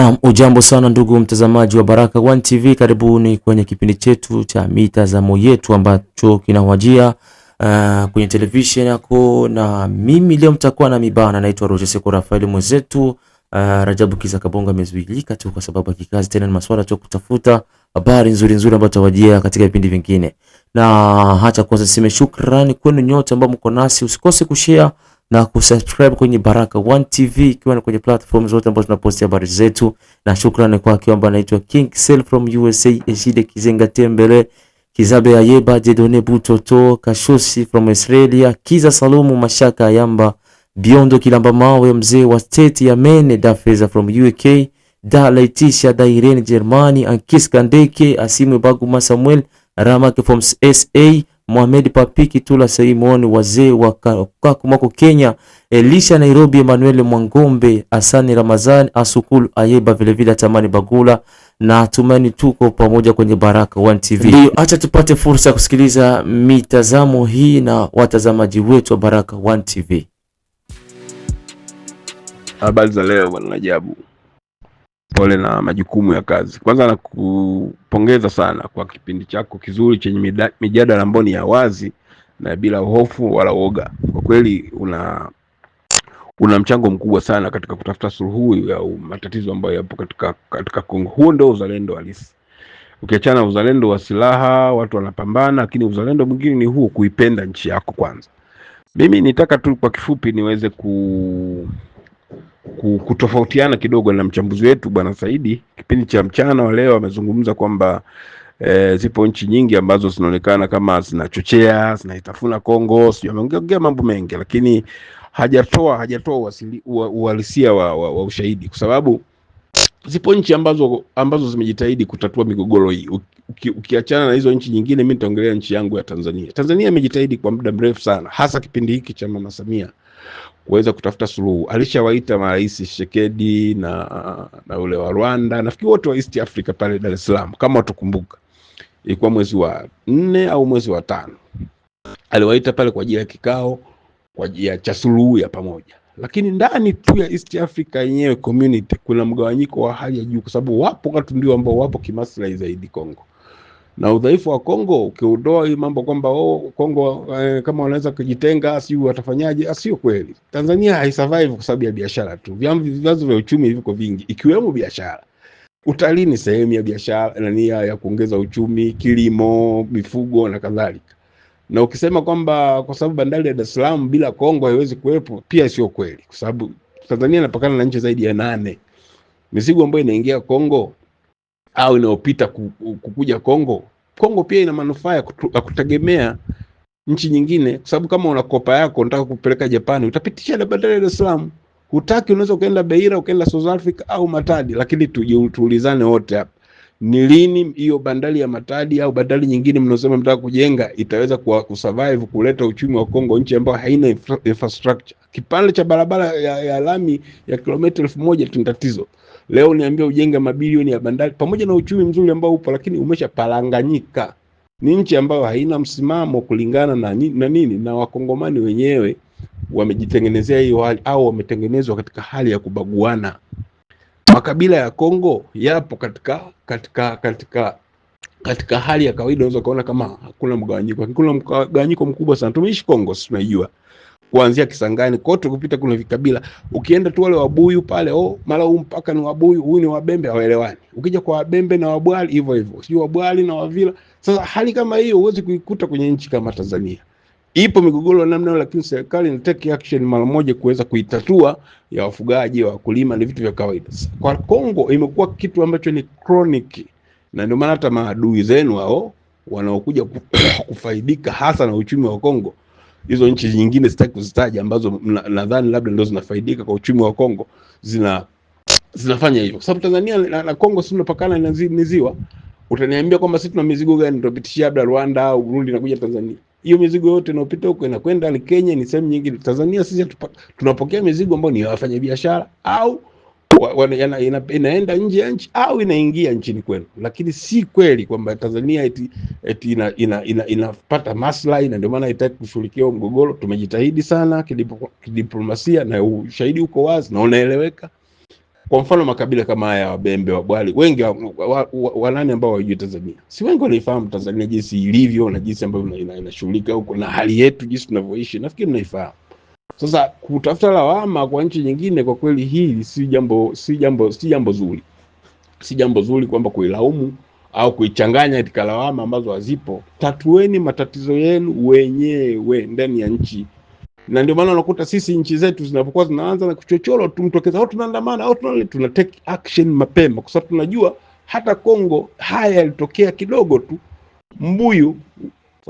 Naam, ujambo sana ndugu mtazamaji wa Baraka One TV, karibuni kwenye kipindi chetu cha mitazamo yetu ambacho kinawajia uh, kwenye television yako, na mimi leo mtakuwa na mibana, naitwa Roger Seko Rafael, mwenzetu uh, Rajabu Kiza Kabonga amezuilika tu kwa sababu ya kikazi, tena ni masuala tu kutafuta habari nzuri nzuri ambazo tawajia katika vipindi vingine, na hata kwanza niseme shukrani kwenu nyote ambao mko nasi, usikose kushare na kusubscribe kwenye baraka One TV ikiwa ni kwenye platform zote ambazo tunapostia habari zetu, na shukrani kwa kiwa ambaye anaitwa King Sel from USA, Eshide Kizenga Tembele, Kizabe Ayeba, Jedone Butoto, Kashosi from Australia, Kiza Salumu, Mashaka Yamba Biondo Kilamba Mawe, mzee wa state ya Maine, Dafeza from UK, Da Da Irene Germani, Ankis Kandeke, Asimwe Baguma Samuel, Ramake from SA, Mohamed Papiki Tula Saimoni, wazee wa Kakumako Kenya, Elisha Nairobi, Emmanuel Mwangombe, Asani Ramazani Asukulu Ayeba, vilevile Atamani Bagula na Tumaini, tuko pamoja kwenye Baraka One TV. Ndio, acha tupate fursa ya kusikiliza mitazamo hii na watazamaji wetu wa Baraka One TV. Habari za leo bwana Najabu pole na majukumu ya kazi. Kwanza nakupongeza sana kwa kipindi chako kizuri chenye mijadala ambayo ni ya wazi na bila hofu wala woga. Kwa kweli una una mchango mkubwa sana katika kutafuta suluhu ya matatizo ambayo yapo katika katika Kongo. Huo ndio uzalendo halisi. Ukiachana uzalendo wa silaha, watu wanapambana, lakini uzalendo mwingine ni huo, kuipenda nchi yako kwanza. Mimi nitaka tu kwa kifupi niweze ku kutofautiana kidogo na mchambuzi wetu Bwana Saidi kipindi cha mchana wa leo amezungumza kwamba E, zipo nchi nyingi ambazo zinaonekana kama zinachochea zinaitafuna Kongo, sio ameongea mambo mengi, lakini hajatoa hajatoa uhalisia wa, wa, wa ushahidi, kwa sababu zipo nchi ambazo ambazo zimejitahidi kutatua migogoro hii. Uki, ukiachana na hizo nchi nyingine, mimi nitaongelea nchi yangu ya Tanzania. Tanzania imejitahidi kwa muda mrefu sana, hasa kipindi hiki cha Mama Samia kuweza kutafuta suluhu. Alishawaita marais shekedi na na ule wa Rwanda, nafikiri wote wa East Africa pale Dar es Salaam, kama watukumbuka ilikuwa mwezi wa nne au mwezi wa tano, aliwaita pale kwa ajili ya kikao kwa ajili cha suluhu ya pamoja lakini ndani tu ya East Africa yenyewe community kuna mgawanyiko wa hali ya juu, kwa sababu wapo watu ndio ambao wapo kimaslahi zaidi Kongo, na udhaifu wa Kongo ukiudoa hii mambo kwamba oh, Kongo eh, kama wanaweza kujitenga sijui watafanyaje, asio ah, kweli. Tanzania haisurvive kwa sababu ya biashara tu, vyanzo vya uchumi viko vingi, ikiwemo biashara. Utalii ni sehemu ya biashara na nia ya kuongeza uchumi, kilimo, mifugo na kadhalika. Na ukisema kwamba kwa sababu bandari ya Dar es Salaam bila Kongo haiwezi kuwepo, pia sio kweli, kwa sababu Tanzania inapakana na nchi zaidi ya nane. Mizigo ambayo inaingia Kongo au inayopita kukuja Kongo. Kongo pia ina manufaa ya kutu, kutegemea nchi nyingine, kwa sababu kama una kopa yako unataka kupeleka Japani, utapitisha na bandari ya Dar es Salaam. Hutaki, unaweza ukaenda Beira, ukaenda South Africa au Matadi. Lakini tuulizane wote hapa, ni lini hiyo bandari ya Matadi au bandari nyingine mnaosema mtaka kujenga itaweza kusurvive kuleta uchumi wa Kongo, nchi ambayo haina infra infrastructure? Kipande cha barabara ya, ya lami ya kilomita elfu moja tuna tatizo. Leo niambia ujenge mabilioni ya bandari pamoja na uchumi mzuri ambao upo, lakini umeshaparanganyika. Ni nchi ambayo haina msimamo kulingana na nini na nini, na wakongomani wenyewe wamejitengenezea hiyo hali au wametengenezwa katika hali ya kubaguana. Makabila ya Kongo yapo katika katika katika katika hali ya kawaida, unaweza ukaona kama hakuna mgawanyiko, lakini kuna mgawanyiko mkubwa sana. Tumeishi Kongo, sisi tunajua kuanzia Kisangani kote kupita kuna vikabila. Ukienda tu wale Wabuyu pale, oh, mara huu mpaka ni Wabuyu, huyu ni Wabembe, hawaelewani. Ukija kwa Wabembe na Wabwali hivyo hivyo, sio Wabwali na Wavila. Sasa hali kama hiyo huwezi kuikuta kwenye nchi kama Tanzania. Ipo migogoro namna hiyo, lakini serikali ina take action mara moja kuweza kuitatua. Ya wafugaji, wakulima ni vitu vya kawaida. Kwa Kongo imekuwa kitu ambacho ni chronic, na ndio maana hata maadui zenu hao wanaokuja kufaidika hasa na uchumi wa Kongo hizo nchi nyingine sitaki kuzitaja, ambazo nadhani labda ndio zinafaidika kwa uchumi wa Kongo zina zinafanya hivyo, sababu Tanzania na, na Kongo sisi tunapakana ni ziwa. Utaniambia kwamba sisi tuna mizigo gani tunapitishia labda Rwanda au Burundi inakuja Tanzania? Hiyo mizigo yote inayopita huko inakwenda ni Kenya, ni sehemu nyingine. Tanzania sisi tunapokea mizigo ambayo ni wafanyabiashara au ina, inaenda nje ya nchi au inaingia nchini kwenu, lakini si kweli kwamba Tanzania eti, eti ina, ina, ina, inapata maslahi na ndio maana haitaki kushughulikia mgogoro. Tumejitahidi sana kidipo, kidiplomasia na ushahidi uko wazi na unaeleweka. Kwa mfano makabila kama haya Wabembe, Wabwali, wengi wanani wa, ambao wajui Tanzania, si wengi wanaifahamu Tanzania jinsi ilivyo na jinsi ambavyo inashughulika ina, ina huko na hali yetu jinsi tunavyoishi, nafikiri mnaifahamu. Sasa kutafuta lawama kwa nchi nyingine, kwa kweli hili si jambo si jambo si jambo zuri, si jambo zuri kwamba kuilaumu au kuichanganya katika lawama ambazo hazipo. Tatueni matatizo yenu wenyewe ndani ya nchi, na ndio maana unakuta sisi nchi zetu zinapokuwa zinaanza na kuchochoro, mtokeza au oh, tunaandamana au oh, tuna, tuna take action mapema, kwa sababu tunajua hata Kongo haya yalitokea kidogo tu. Mbuyu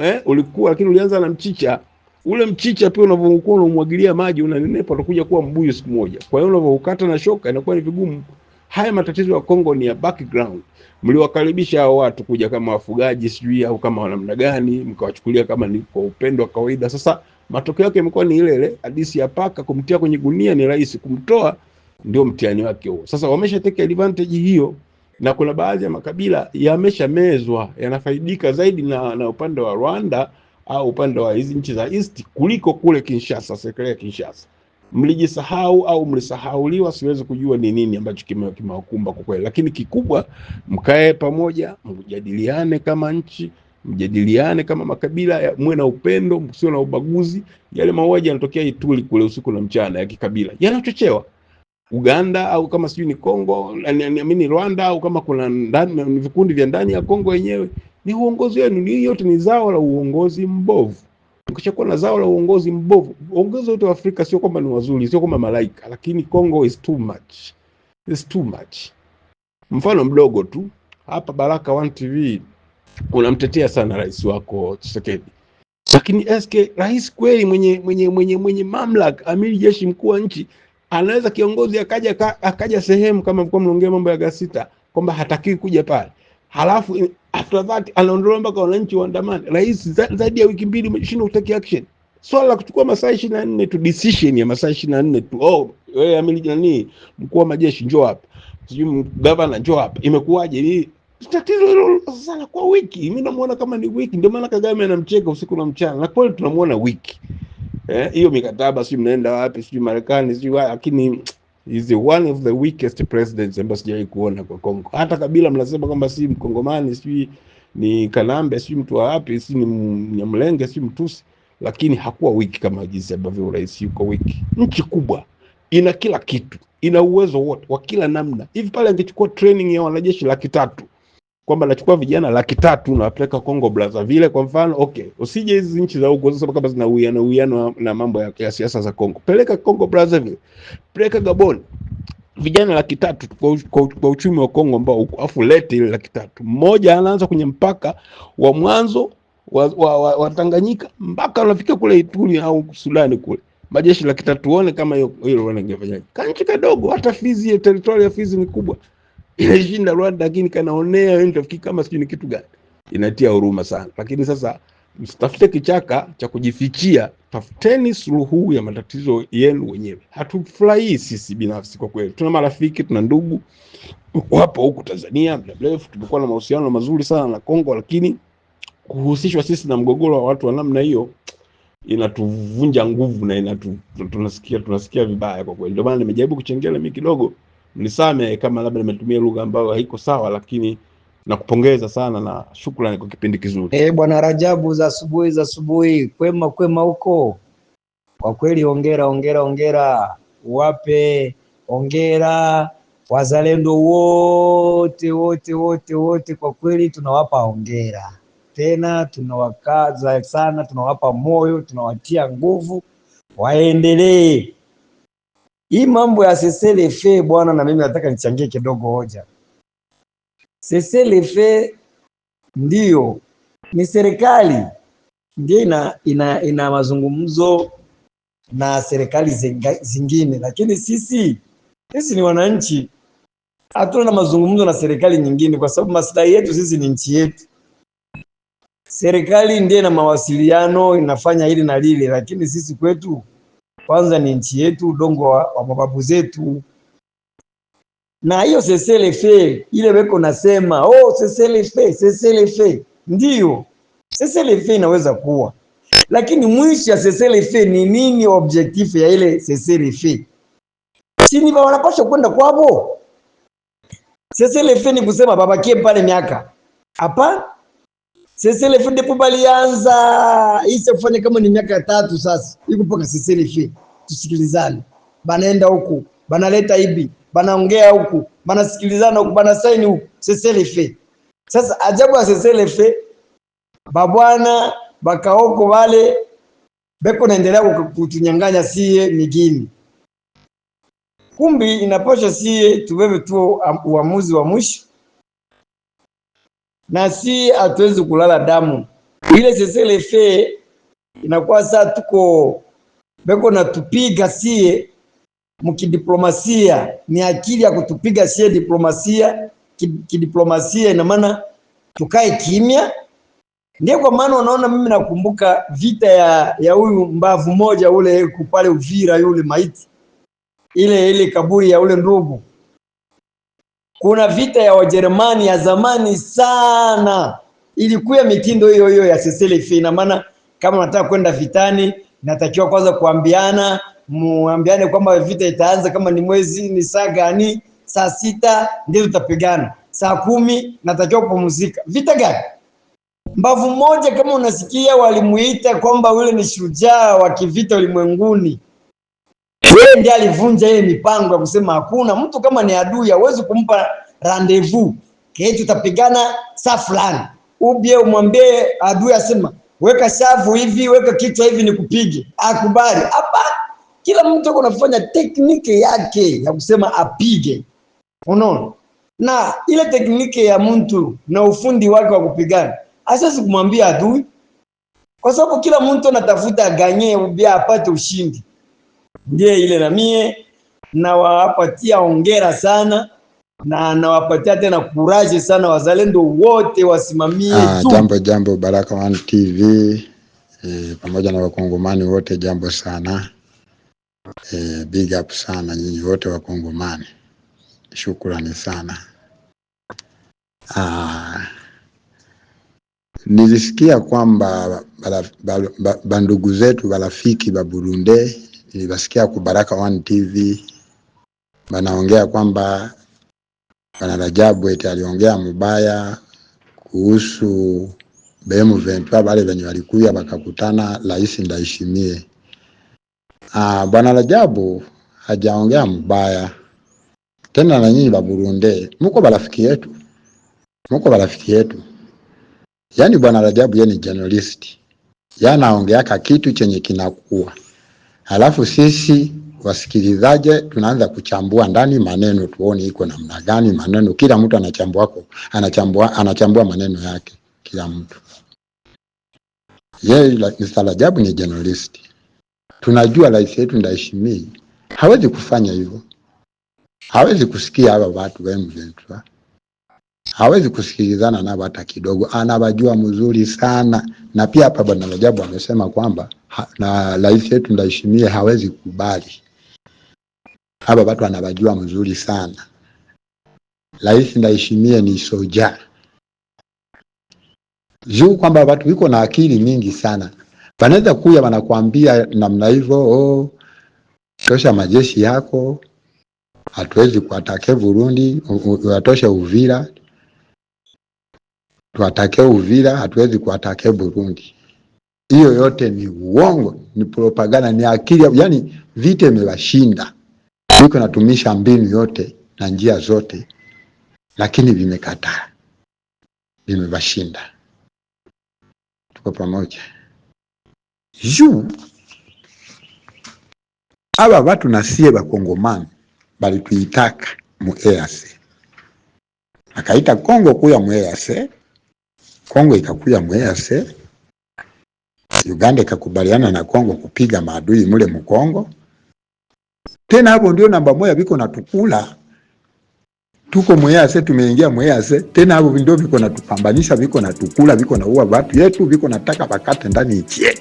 eh, ulikuwa lakini ulianza na mchicha ule mchicha pia unavyokuwa unamwagilia maji unanenepa, utakuja kuwa mbuyu siku moja. Kwa hiyo unavyokata na shoka inakuwa ni vigumu. Haya matatizo ya Kongo ni ya background. Mliwakaribisha hao watu kuja kama wafugaji sijui au kama wanamna gani, mkawachukulia kama ni kwa upendo wa kawaida. Sasa matokeo yake imekuwa ni ile ile hadisi ya paka, kumtia kwenye gunia ni rahisi, kumtoa ndio mtihani wake huo. Sasa wamesha take advantage hiyo, na kuna baadhi ya makabila yameshamezwa, yanafaidika zaidi na, na upande wa Rwanda au upande wa hizi nchi za East kuliko kule Kinshasa, serikali ya Kinshasa. Mlijisahau au mlisahauliwa, siwezi kujua ni nini ambacho kimewakumba kwa kweli, lakini kikubwa, mkae pamoja, mjadiliane kama nchi mjadiliane kama makabila, muwe na upendo, msio na ubaguzi. Yale mauaji yanatokea Ituri kule usiku na mchana ya kikabila yanachochewa Uganda au kama sijui ni Kongo, naamini Rwanda au kama kuna ndani vikundi vya ndani ya Kongo yenyewe ni uongozi wenu. Hii yote ni zao la uongozi mbovu. Ukishakuwa na zao la uongozi mbovu, uongozi wote wa Afrika sio kwamba ni wazuri, sio kwamba malaika, lakini Congo is too much, is too much. Mfano mdogo tu hapa, Baraka One TV unamtetea sana rais wako Tshisekedi, lakini SK rais kweli mwenye mwenye mwenye mwenye mamlaka, amiri jeshi mkuu wa nchi anaweza kiongozi akaja akaja sehemu kama mlikuwa mnaongea mambo ya Gasita kwamba hataki kuja pale halafu after that anaondolewa mpaka wananchi waandamane. Rais zaidi ya wiki mbili umeshinda kutake action. Swala so, la kuchukua masaa ishirini na nne tu decision ya masaa ishirini na nne tu, oh, wewe amili nani, mkuu wa majeshi njoo hapa, sijui gavana njoo hapa, imekuwaje hii? Tatizo hilo sana kwa wiki, mimi namuona kama ni wiki. Ndio maana Kagame anamcheka usiku na mchana, na kweli tunamuona wiki eh, hiyo mikataba sijui mnaenda wapi, sijui Marekani, sijui lakini is one of the weakest presidents ambayo sijawahi kuona kwa Kongo. Hata Kabila mnasema kwamba si Mkongomani, si ni Kanambe, si mtu wa wapi, si ni Mnyamlenge, si Mtusi, lakini hakuwa wiki kama jinsi ambavyo rais yuko wiki. Nchi kubwa ina kila kitu, ina uwezo wote wa kila namna. Hivi pale angechukua training ya wanajeshi laki tatu kwamba nachukua vijana laki tatu nawapeleka Kongo Brazzaville kwa mfano, okay, usije hizi nchi za huko sababu kama zina uwiano uwiano na mambo ya, ya siasa za Kongo, peleka Kongo Brazzaville, peleka Gabon, vijana laki tatu kwa kwa, kwa uchumi wa Kongo ambao afu lete ile laki tatu, mmoja anaanza kwenye mpaka wa mwanzo wa, wa, wa, wa Tanganyika mpaka unafika kule Ituri au Sudani kule majeshi laki tatu, uone kama hiyo hiyo wanangefanya kanchi kadogo. Hata Fizi, ya territory ya Fizi ni kubwa inashinda Rwanda, lakini kanaonea wewe, mtafikiri kama sijui ni kitu gani. Inatia huruma sana, lakini sasa msitafute kichaka cha kujifichia, tafuteni suluhu ya matatizo yenu wenyewe. Hatufurahii sisi binafsi, kwa kweli. Tuna marafiki, tuna ndugu wapo huku Tanzania muda mrefu, tumekuwa na mahusiano mazuri sana na Kongo, lakini kuhusishwa sisi na mgogoro wa watu wa namna hiyo inatuvunja nguvu na inatu, tunasikia tunasikia vibaya kwa kweli. Ndio maana nimejaribu kuchengela mimi kidogo nisame kama labda nimetumia lugha ambayo haiko sawa, lakini nakupongeza sana na shukrani kwa kipindi kizuri. Eh, bwana Rajabu, za asubuhi za asubuhi, kwema kwema huko. Kwa kweli ongera ongera ongera, wape ongera wazalendo wote wote wote wote, kwa kweli tunawapa hongera tena, tunawakaza sana, tunawapa moyo, tunawatia nguvu, waendelee hii mambo ya seselefe bwana, na mimi nataka nichangie kidogo hoja. Seselefe ndiyo ni serikali ndio ina, ina, ina mazungumzo na serikali zingine, lakini sisi sisi ni wananchi, hatuna na mazungumzo na serikali nyingine, kwa sababu maslahi yetu sisi ni nchi yetu. Serikali ndiye ina mawasiliano, inafanya hili na lile, lakini sisi kwetu kwanza ni nchi yetu, udongo wa, wa mababu zetu. Na hiyo seselefe ile weko nasema oh, fe ndio sesele fe inaweza kuwa, lakini mwisho ya fe ni nini? Objectif ya ile chini sini wanapaswa kwenda kwavo. fe ni kusema babakie pale miaka hapa Sesele fe ndipo balianza ise kufanya kama ni miaka tatu sasa, iko paka sesele fe. Tusikilizane, banaenda huku banaleta ibi, banaongea huku, banasikilizana huku, banasaini huku, sesele fe. Sasa ajabu ya sesele fe, babwana bakaoko wale beko naendelea kutunyang'anya sie migini, kumbi inapasha sie tubebe tu uamuzi wa mwisho na si hatuwezi kulala damu ile sesele fe inakuwa saa tuko beko natupiga sie mkidiplomasia, ni akili ya kutupiga sie diplomasia kidiplomasia, ina maana tukae kimya. Ndio kwa maana unaona, mimi nakumbuka vita ya ya huyu mbavu moja ule kupale Uvira, yule maiti ile ile kaburi ya ule ndugu kuna vita ya Wajerumani ya zamani sana, ilikuwa mitindo hiyo hiyo ya SSLF. Ina maana kama nataka kwenda vitani, natakiwa kwanza kuambiana, muambiane kwamba vita itaanza kama ni mwezi ni saa gani, saa sita ndio tutapigana, saa kumi natakiwa kupumzika. Vita gani? Mbavu moja, kama unasikia walimuita kwamba yule ni shujaa wa kivita ulimwenguni yeye ndiye alivunja ile mipango ya kusema hakuna mtu kama ni adui hawezi kumpa rendezvous keti, tutapigana saa fulani. Ubie umwambie adui asema weka shavu hivi, weka kichwa hivi, nikupige, akubali? hapa kila mtu nafanya tekniki yake ya kusema apige, unaona na ile tekniki ya mtu na ufundi wake wa kupigana asiwezi kumwambia adui, kwa sababu kila mtu anatafuta ganye ubia apate ushindi ndiye ile na mie nawapatia ongera sana na nawapatia tena kuraje sana wazalendo wote wasimamie. Ah, jambo jambo, Baraka One TV e, eh, pamoja na wakongomani wote, jambo sana e, big up sana nyinyi wote wakongomani, shukrani sana ah, nilisikia kwamba bandugu zetu barafiki ba Burundi nilibasikia ku Baraka One TV banaongea kwamba bana Rajabu eti aliongea mubaya kuhusu bemu 23 wale wenye walikuya wakakutana Rais ndaheshimie. Ah, bwana Rajabu hajaongea mubaya tena, na nyinyi Burundi muko barafiki yetu, muko barafiki yetu. Yani bwana Rajabu yeye ni journalist, yanaongeaka kitu chenye kinakuwa halafu sisi wasikilizaje tunaanza kuchambua ndani maneno tuone iko namna gani maneno. Kila mtu anachambua, anachambua, anachambua maneno yake kila mtu. Yeye mstaarajabu ni journalist, tunajua rais yetu Ndayishimiye hawezi kufanya hivyo, hawezi kusikia hawa watu wemzetwa, hawezi kusikilizana nao hata kidogo, anawajua mzuri sana. Na pia hapa bwana Rajabu amesema kwamba na rais yetu Ndayishimiye hawezi kukubali. Hapa watu anabajua mzuri sana. Rais Ndayishimiye ni soja juu kwamba watu wiko na akili mingi sana, wanaweza kuya wanakuambia namna hivyo, oh, tosha majeshi yako, hatuwezi kuatake Burundi, watosha Uvira, tuatake Uvira, hatuwezi kuatake Burundi. Hiyo yote ni uongo, ni propaganda, ni akili, yani vita imewashinda. Iko natumisha mbinu yote na njia zote, lakini vimekataa, vimewashinda. Tuko pamoja juu aba watu nasie bakongomani bali tuitaka mu EAC akaita Kongo kuya mu EAC, Kongo ikakuya mu EAC Uganda ikakubaliana na Kongo kupiga maadui mule Mkongo. Tena hapo ndio namba moja viko natukula tuko mwease, tumeingia mwease tena, hapo ndio viko natupambanisha, viko natukula, viko uwa watu yetu, viko nataka bakate ndani ichie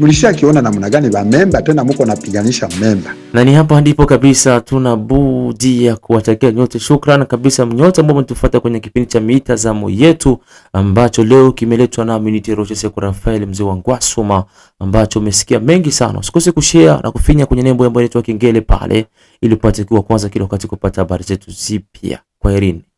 mlishakiona namna gani memba tena muko napiganisha memba, na ni hapa ndipo kabisa tuna budi ya kuwatakia nyote shukrani kabisa mnyote ambao mmetufuata kwenye kipindi cha mitazamo yetu ambacho leo kimeletwa na Miniti Roche Seku Rafael mzee wa Ngwasuma, ambacho umesikia mengi sana. Usikose kushare na kufinya kwenye nembo ambayo inaitwa kengele pale, ili upate kuwa kwanza kila wakati kupata habari zetu zipya. Kwaherini.